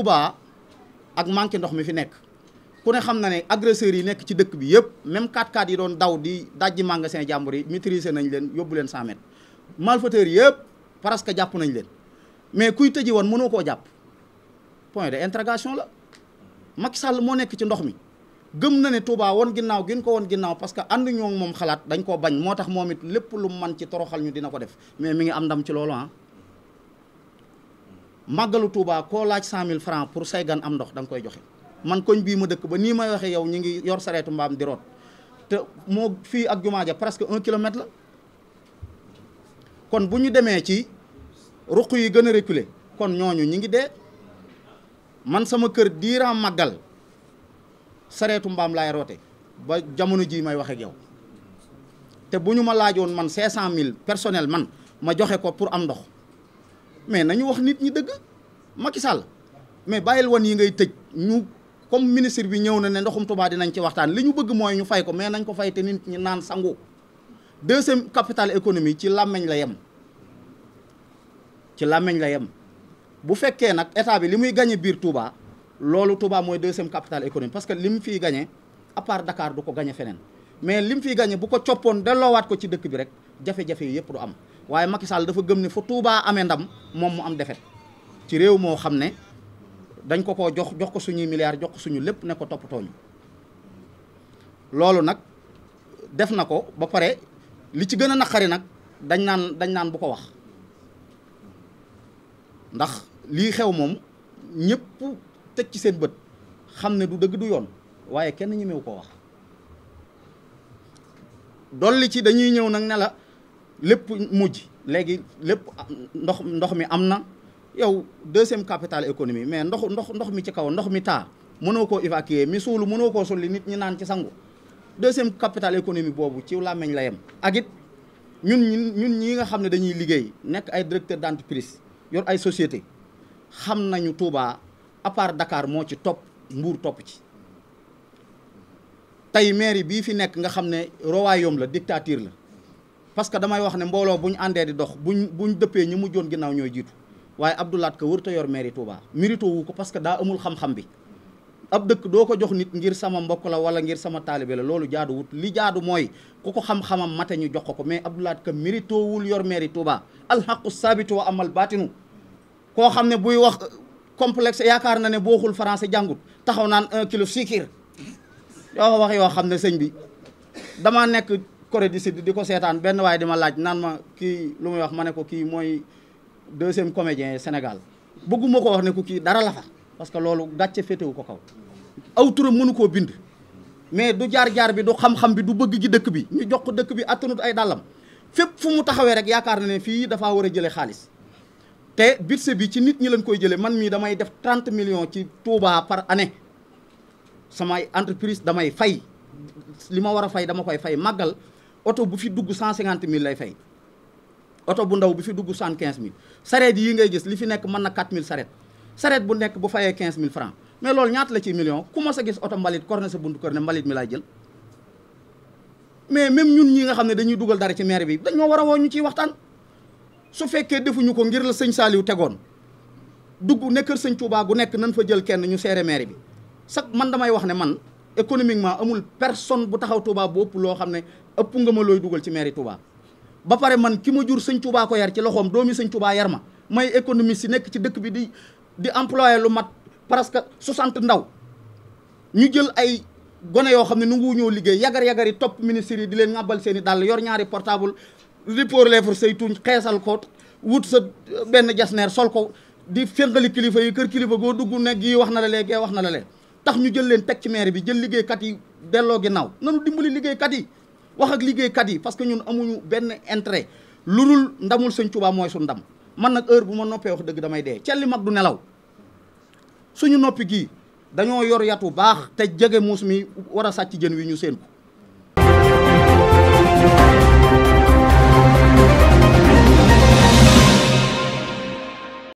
Touba ak manqué ndox mi fi nekk ku ne xam na ne agresseurs yi nekk ci dëkk bi yëpp même 4 x yi doon daw di dajji magasin jàmbur yi maîtriser nañ leen yóbbu leen 100 mètres malfaiteurs yëpp parce que jàpp nañ leen mais kuy tëji woon mënoo koo jàpp point de interrogation la Macky Sall moo nekk ci ndox mi gëm na ne Touba woon ginnaaw gin ko woon ginnaaw parce que ànd ñoo moom xalaat dañ koo bañ moo tax moom it lépp lu man ci toroxal ñu dina ko def mais mi ngi am ci loolu ah màggalu Touba koo laaj cent mille francs pour say gan am ndox da koy joxe man koñ bii ma dëkk ba nii may waxee yow ñu ngi yor sareetu mbaam di root te moo fii ak jumaa ja presque un kilomètre la kon bu ñu demee ci ruq yi gën a reculer kon ñooñu ñi ngi dee man sama kër diiraa maggal sareetu mbaam laay roote ba jamono ji may wax ak yow te bu ñu ma laajoon man cinq cent mille personnel man ma joxe ko pour am ndox mais nañu wax nit ñi dëgg Macky Sall mais bàyyil woon yi ngay tëj ñu comme ministre bi ñëw na ne ndoxum Touba dinañ ci waxtaan li ñu bëgg mooy ñu fay ko mais nañ ko fay te nit ñi naan sangu deuxième capital économie ci làmmeñ la yem ci làmmeñ la yem bu fekkee nag état bi li muy gagné biir Touba loolu Touba mooy deuxième capital économie parce que li mu fiy gagné à part Dakar du ko gagné feneen mais li mu fiy gagné bu ko coppoon delloowaat ko ci dëkk bi rek jafe-jafe yi yëpp du am waaye Macky dafa gëm ne fu Touba amee ndam moom mu am defet ci réew moo xam ne dañ ko ko jox jox ko suñuy milliards jox ko suñu lépp ne ko toppatoo ñu loolu nag def na ko ba pare li ci gën a naqari nag dañ naan dañ naan bu ko wax ndax lii xew moom ñëpp teg ci seen bët xam ne du dëgg du yoon waaye kenn ñemewu ko wax dolli ci dañuy ñëw nag nela lépp mujj léegi lépp ndox ndox mi am na yow deuxième capitale économie mais ndox ndox ndox mi ci kaw ndox mi taa mënoo koo évacuer mi suulu mënoo koo sulli nit ñi naan ci sangu deuxième capitale économie boobu ci làmmeñ la yem ak ñun ñun ñun ñi nga xam ne dañuy liggéey nekk ay directeur d'entreprise yor ay société xam nañu Touba à part Dakar moo ci topp Mbuur topp ci tey mairie bii fi nekk nga xam ne royaume la dictature la parce que damay wax ne mbooloo buñ àndee di dox bu buñ dëppee ñi mujjoon ginnaaw ñooy jiitu waaye Abdoulaat Ka wërta yor mairie Touba mérito wu ko parce que daa amul xam-xam bi ab dëkk doo ko jox nit ngir sama mbokk la wala ngir sama taalibe la loolu jaadu wut li jaadu mooy ku ko xam-xamam mate ñu jox ko ko mais Abdoulaat Ka mérito wul yor mairie Touba alxaqu sabitu wa amal baatinu koo xam ne buy wax complexe yaakaar na ne booxul français jàngut taxaw naan un kilo sikir yoo wax yoo xam ne sëñ bi damaa nekk Corée du Sud di ko seetaan benn waaye di laaj naan ma kii lu muy wax ma ne ko kii mooy deuxième comédien Sénégal bëgguma ko wax ne ku kii dara la fa parce que loolu gàcce féetewu ko kaw aw turam mënu koo bind mais du jaar-jaar bi du xam-xam bi du bëgg ji dëkk bi ñu jox ko dëkk bi attanut ay dàllam fépp fu mu taxawee rek yaakaar na ne fii dafaa war a jëlee xaalis te budget bi ci nit ñi lañ koy jëlee man mii damay def trent millions ci Touba par année samay entreprise damay fay li ma war a fay dama koy fay màggal oto bu fi dugg 150 mille lay fay oto bu ndaw bi fi dugg cent quinze mille sareet yi ngay gis li fi nekk mën na quatre mille sareet sareet bu nekk bu fayee quinze mille francs mais loolu ñaata la ci million ku sa gis oto mbalit corne sa buntu kër ne mbalit mi laay jël mais même ñun ñi nga xam ne dañuy dugal dara ci maire bi dañoo war a woo ñu ciy waxtaan su fekkee defuñu ko ngir la sëñ Saaliw tegoon dugg ne kër sëñ Tuubaa gu nekk nan fa jël kenn ñu seere maire bi sax man damay wax ne man économiquement amul personne bu taxaw Touba bu loo xam ne ëpp nga ma looy dugal ci mairie Touba ba pare man ki ma jur sëñ Touba ko yar ci loxoom doomi sañ Touba yar ma may économiste si nekk ci dëkk bi di di employé lu mat presque 60 ndaw ñu jël ay gone yoo xam ne nu ngu ñëw liggéey yagar yagar yi topp ministres yi di leen ngàbbal seeni i dàll yor ñaari portable li pour lèvre say tuñ xeesal ko wut sa euh, benn jasneer sol ko di fengali kilifa yi kër kilifa goo dugg ne gi wax na la léegi wax na la lee tax ñu jël leen teg ci maire bi jël liggéeykat yi delloo ginnaaw nanu dimbali liggéeykat yi wax ak liggéeykat yi parce que ñun amuñu benn intérêt lu dul ndamul sëñ Tuubaa mooy su ndam man nag heure bu ma noppee wax dëgg damay dee celli mag du nelaw suñu noppi gii dañoo yor yat yatu baax te jege muus mi war a sàcc jën wi ñu seen ko